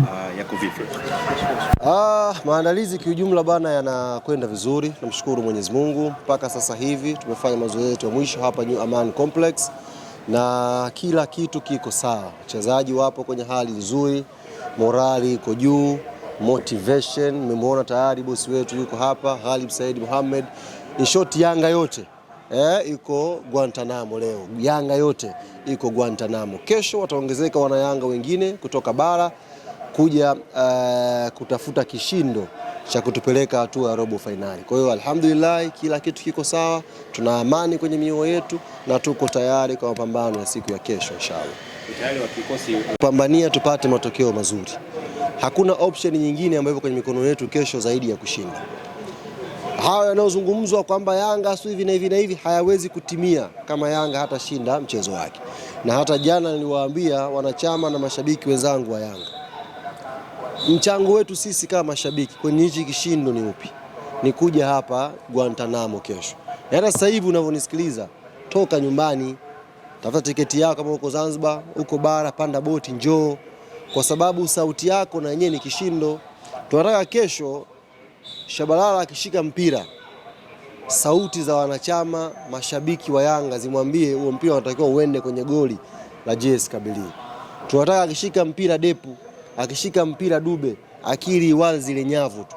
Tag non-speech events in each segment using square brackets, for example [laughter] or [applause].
Uh, yako vipi? Ah, maandalizi kiujumla bana yanakwenda vizuri, namshukuru Mwenyezi Mungu. Mpaka sasa hivi tumefanya mazoezi yetu ya mwisho hapa New Aman Complex na kila kitu kiko sawa, wachezaji wapo kwenye hali nzuri, morali iko juu, motivation. Mmemwona tayari bosi wetu yuko hapa, Ghalib Said Mohamed. In short, Yanga yote eh, iko Guantanamo leo. Yanga yote iko Guantanamo, kesho wataongezeka wanayanga wengine kutoka bara kuja uh, kutafuta kishindo cha kutupeleka hatua ya robo fainali. Kwa hiyo alhamdulillah, kila kitu kiko sawa, tuna amani kwenye mioyo yetu na tuko tayari kwa mapambano ya siku ya kesho inshallah. Tayari wa kikosi tupate matokeo mazuri. Hakuna option nyingine ambayo kwenye mikono yetu kesho zaidi ya kushinda. Hayo yanayozungumzwa kwamba Yanga sio hivi na hivi na hivi hayawezi kutimia kama Yanga hatashinda mchezo wake, na hata jana niliwaambia wanachama na mashabiki wenzangu wa Yanga Mchango wetu sisi kama mashabiki kwenye hichi kishindo ni upi? Ni kuja hapa Guantanamo kesho. Yaani hata sasa hivi unavyonisikiliza, toka nyumbani, tafuta tiketi yako, kama uko Zanzibar, uko bara, panda boti, njoo, kwa sababu sauti yako na yenyewe ni kishindo. Tunataka kesho Shabalala akishika mpira, sauti za wanachama, mashabiki wa Yanga zimwambie huo mpira unatakiwa uende kwenye goli la JS Kabylie. Tunataka akishika mpira Depu akishika mpira Dube akili wazi nyavu tu,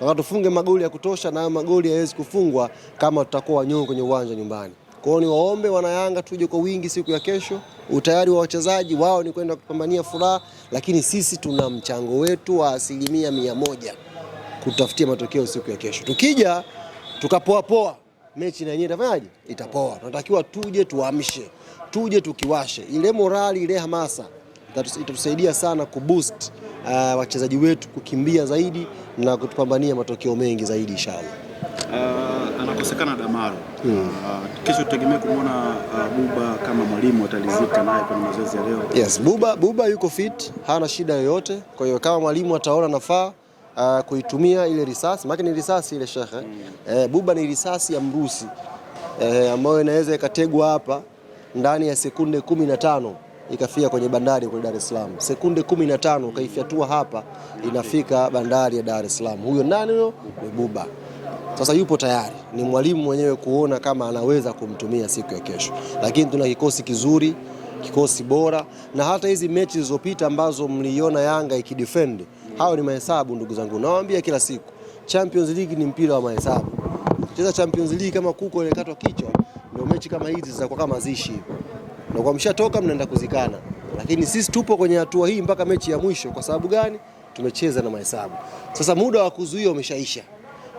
na tufunge magoli ya kutosha, na magoli hayawezi kufungwa kama tutakuwa wanyonge kwenye uwanja nyumbani. Kwa hiyo niwaombe wanayanga, tuje kwa wingi siku ya kesho. Utayari wa wachezaji wao ni kwenda kupambania furaha, lakini sisi tuna mchango wetu wa asilimia mia moja kutafutia matokeo siku ya kesho. Tukija tukapoapoa mechi na yenyewe itafanyaje? Itapoa. Tunatakiwa tuje tuamshe, tuje tukiwashe ile morali, ile hamasa itatusaidia sana kuboost uh, wachezaji wetu kukimbia zaidi na kutupambania matokeo mengi zaidi inshallah. Uh, anakosekana Damaro hmm. Uh, kesho tutegemea kumwona uh, Buba kama mwalimu atalizika naye kwenye mazoezi ya leo. Yes, Buba, Buba yuko fit, hana shida yoyote. Kwa hiyo kama mwalimu ataona nafaa uh, kuitumia ile risasi, maana ni risasi ile shekhe eh? hmm. Eh, Buba ni risasi ya mrusi eh, ambayo inaweza ikategwa hapa ndani ya sekunde kumi na tano ikafika kwenye bandari kule Dar es Salaam. Sekunde 15 ukaifyatua hapa inafika bandari ya Dar es Salaam. Huyo nani huyo? Ni Buba. Sasa yupo tayari, ni mwalimu mwenyewe kuona kama anaweza kumtumia siku ya kesho, lakini tuna kikosi kizuri, kikosi bora, na hata hizi mechi zilizopita ambazo mliona Yanga ikidefend, hayo ni mahesabu ndugu zangu, nawaambia kila siku, Champions League ni mpira wa mahesabu. Cheza Champions League kama kuku anakatwa kichwa, ndio mechi kama hizi zitakuwa kama zishi na kwa mshatoka mnaenda kuzikana, lakini sisi tupo kwenye hatua hii mpaka mechi ya mwisho. Kwa sababu gani? Tumecheza na mahesabu. Sasa muda wa kuzuia umeshaisha.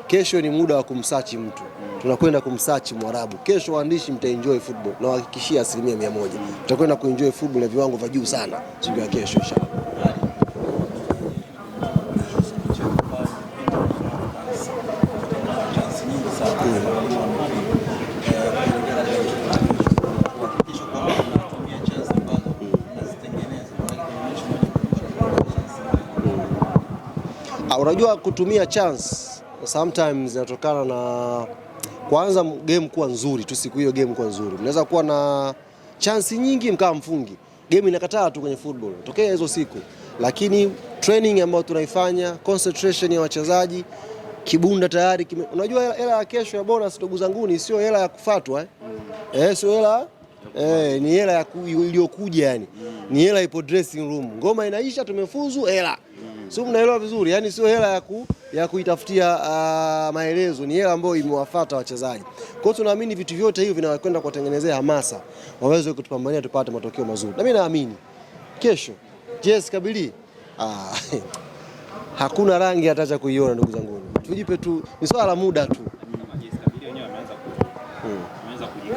Kesho ni muda wa kumsachi mtu, tunakwenda kumsachi Mwarabu. Kesho waandishi, mtaenjoy football na wahakikishia asilimia mia moja mtakwenda kuenjoy football na viwango vya juu sana siku ya kesho. Ha, ah, unajua kutumia chance sometimes inatokana na kwanza game kuwa nzuri tu, siku hiyo game kuwa nzuri, mnaweza kuwa na chance nyingi mkaa mfungi, game inakataa tu kwenye football tokea hizo siku, lakini training ambayo tunaifanya concentration ya wachezaji kibunda tayari kime... unajua hela ya kesho ya bonus ndugu zanguni sio hela ya kufatwa eh? Mm. Eh, sio hela eh, ni hela iliyokuja yani mm. Ni hela ipo dressing room, ngoma inaisha, tumefuzu hela si mnaelewa vizuri, yani sio hela ya, ku, ya kuitafutia uh, maelezo, ni hela ambayo imewafuata wachezaji. Kwa hiyo tunaamini vitu vyote hivyo vinakwenda kuwatengenezea hamasa waweze kutupambania tupate matokeo mazuri, na mimi naamini kesho JS Kabylie ah, [laughs] hakuna rangi atacha kuiona ndugu zangu, tujipe tu, ni swala la muda tu.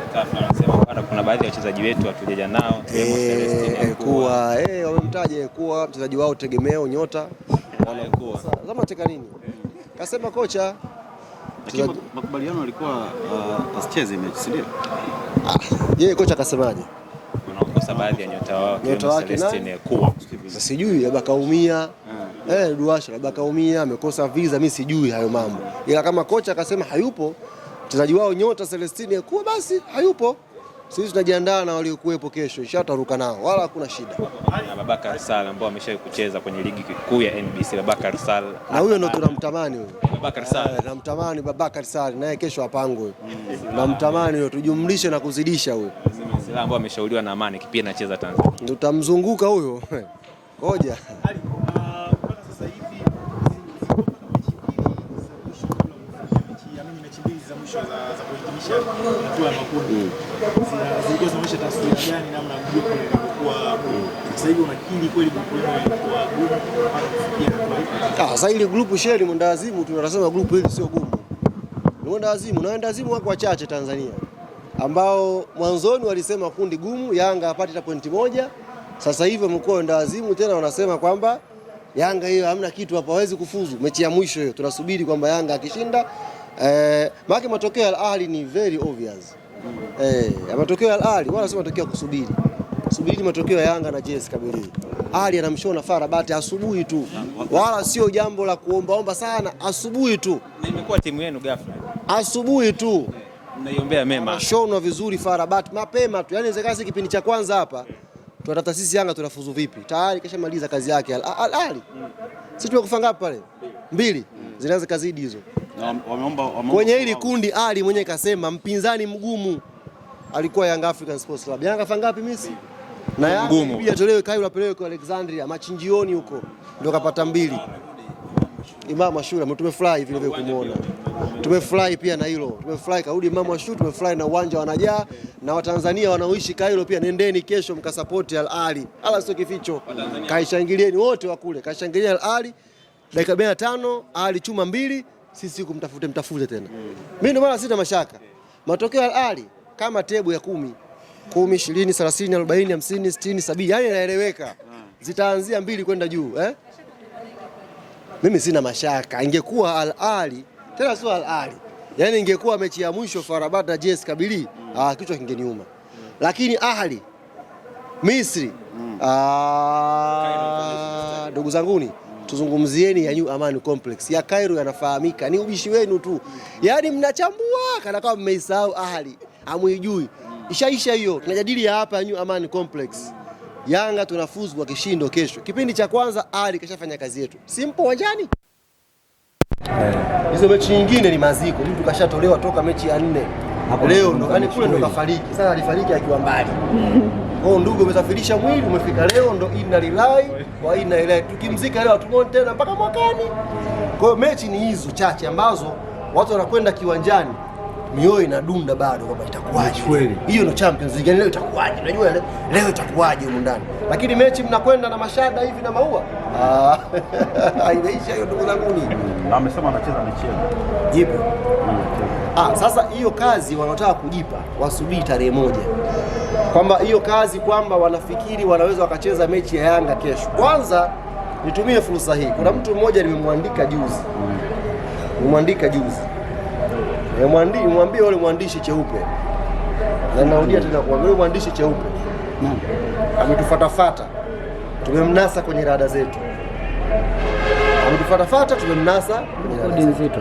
CAF na wanasema kuna baadhi ya wachezaji wetu hatujaja nao e, kuwa eh, eh wamemtaja kuwa mchezaji wao tegemeo nyota wanakuwa zama teka nini Kasema kocha makubaliano alikuwa uh, asicheze mechi si ndio? Ah, yeye kocha akasemaje? Wanakosa baadhi ya nyota wao nyota wake na kuwa sijui labda kaumia eh, eh Duasha labda kaumia amekosa visa, mimi sijui hayo mambo, ila kama kocha akasema hayupo mchezaji wao nyota Celestini akuwa basi hayupo. Sisi tunajiandaa na waliokuwepo kesho, ishataruka nao, wala hakuna shida. Babakar Sal ambao ameshawahi kucheza kwenye ligi kuu ya NBC, Babakar Sal na huyo ndo tunamtamani huyo. Babakar Sal tunamtamani, eh, Babakar Sal naye kesho apangwe, tunamtamani huyo, tujumlishe na kuzidisha huyo ambao ameshauriwa na Amani kipia anacheza Tanzania, tutamzunguka huyo [laughs] ngoja mwisho za kuhitimisha hatua ya makundi mm. zilikuwa zinaonyesha taswira gani, namna mm. sasa hivi unakili kweli ilikuwa gumu mpaka kufikia hatua hii? Ah, sasa hili tunasema hili sio gumu, ni mwendawazimu na wako wachache Tanzania ambao mwanzoni walisema kundi gumu, Yanga apate hata pointi moja. Sasa hivi wamekuwa wendawazimu tena wanasema kwamba Yanga hiyo hamna kitu hapa, hawezi kufuzu. Mechi ya mwisho hiyo tunasubiri kwamba Yanga akishinda Eh, maana matokeo ya Al Ahly ni very obvious. Eh, ya matokeo ya Al Ahly wala sio matokeo ya kusubiri. Subiri matokeo ya Yanga na JS Kabylie. Ali anamshona Fara Bate asubuhi tu, wala sio jambo la kuomba omba sana, asubuhi tu na imekuwa timu yenu ghafla, asubuhi tu mnaiombea mema, anashonwa vizuri Fara Bate mapema tu, Yaani inawezekana kipindi cha kwanza hapa Tunataka sisi Yanga tunafuzu vipi, tayari kashamaliza kazi yake. Al Ahly sisi tumekufa ngapi pale? Mbili Zinaanza kazidi hizo kwenye hili kundi. Ali mwenyewe kasema mpinzani mgumu alikuwa Young African Sports Club. Yanga fanga ngapi Messi? Na Yanga atolewe Kairo apelewe kwa Alexandria machinjioni huko ndio kapata mbili. Ah, Imam Ashura tumefurahi vile vile kumuona. Tumefurahi pia na hilo. Tumefurahi karudi Imam Ashura, tumefurahi na uwanja wanajaa na Watanzania wanaoishi Kairo pia nendeni kesho mkasapoti Al Ahly. Ala sio kificho. Kaishangilieni wote wa kule. Kaishangilia Al Ahly dakika 45 Al Ahly chuma mbili sisi kumtafute mtafute tena. mm. Mimi ndio maana sina mashaka. Matokeo ya Al kama tebu ya kumi kumi, ishirini, thelathini, arobaini, hamsini, sitini, sabini, yani inaeleweka, zitaanzia mbili kwenda juu eh? Mimi sina mashaka, ingekuwa Al Ali tena sio Al Ali yani ingekuwa mechi ya mwisho Farabat na JS Kabili mm. ah, kichwa kingeniuma mm. lakini Ahli Misri mm. ah, ndugu mm tuzungumzieni ya New Amani Complex ya Cairo, yanafahamika, ni ubishi wenu tu, yaani mnachambua kana kama mmeisahau ahli amuijui, ishaisha hiyo. Tunajadili ya hapa ya New Amani Complex. Yanga tunafuzu kwa kishindo kesho. Kipindi cha kwanza Ahli kashafanya kazi yetu, simpo wanjani eh. hizo mechi nyingine ni maziko, mtu kashatolewa toka mechi ya nne. Leo ndo yaani kule ndo kafariki. Sasa alifariki akiwa mbali [laughs] Kwa ndugu, umesafirisha mwili, umefika leo, ndo inna lillahi wa inna ilaihi. Tukimzika leo hatumwoni tena mpaka mwakani. Kwa hiyo mechi ni hizo chache ambazo watu wanakwenda kiwanjani mioyo inadunda bado kwamba itakuwaje. Hiyo ndo Champions League, yaani leo itakuwaje? Unajua leo itakuwaje huko ndani, lakini mechi mnakwenda na mashada hivi na maua ah, [laughs] haijaisha hiyo, ndugu zangu. Ni amesema anacheza mechi jipo. Ah, sasa hiyo kazi wanaotaka kujipa wasubiri tarehe moja kwamba hiyo kazi kwamba wanafikiri wanaweza wakacheza mechi ya Yanga kesho. Kwanza nitumie fursa hii, kuna mtu mmoja nimemwandika juzi, nimemwandika juzi, nimwambie yule mwandishi cheupe, na narudia tena kwa yule mwandishi cheupe ametufatafata, tumemnasa kwenye rada zetu, ametufatafata, tumemnasa kwenye rada zetu,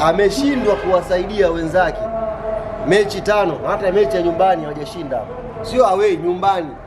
ameshindwa kuwasaidia wenzake mechi tano, hata mechi ya nyumbani hawajashinda sio awei nyumbani.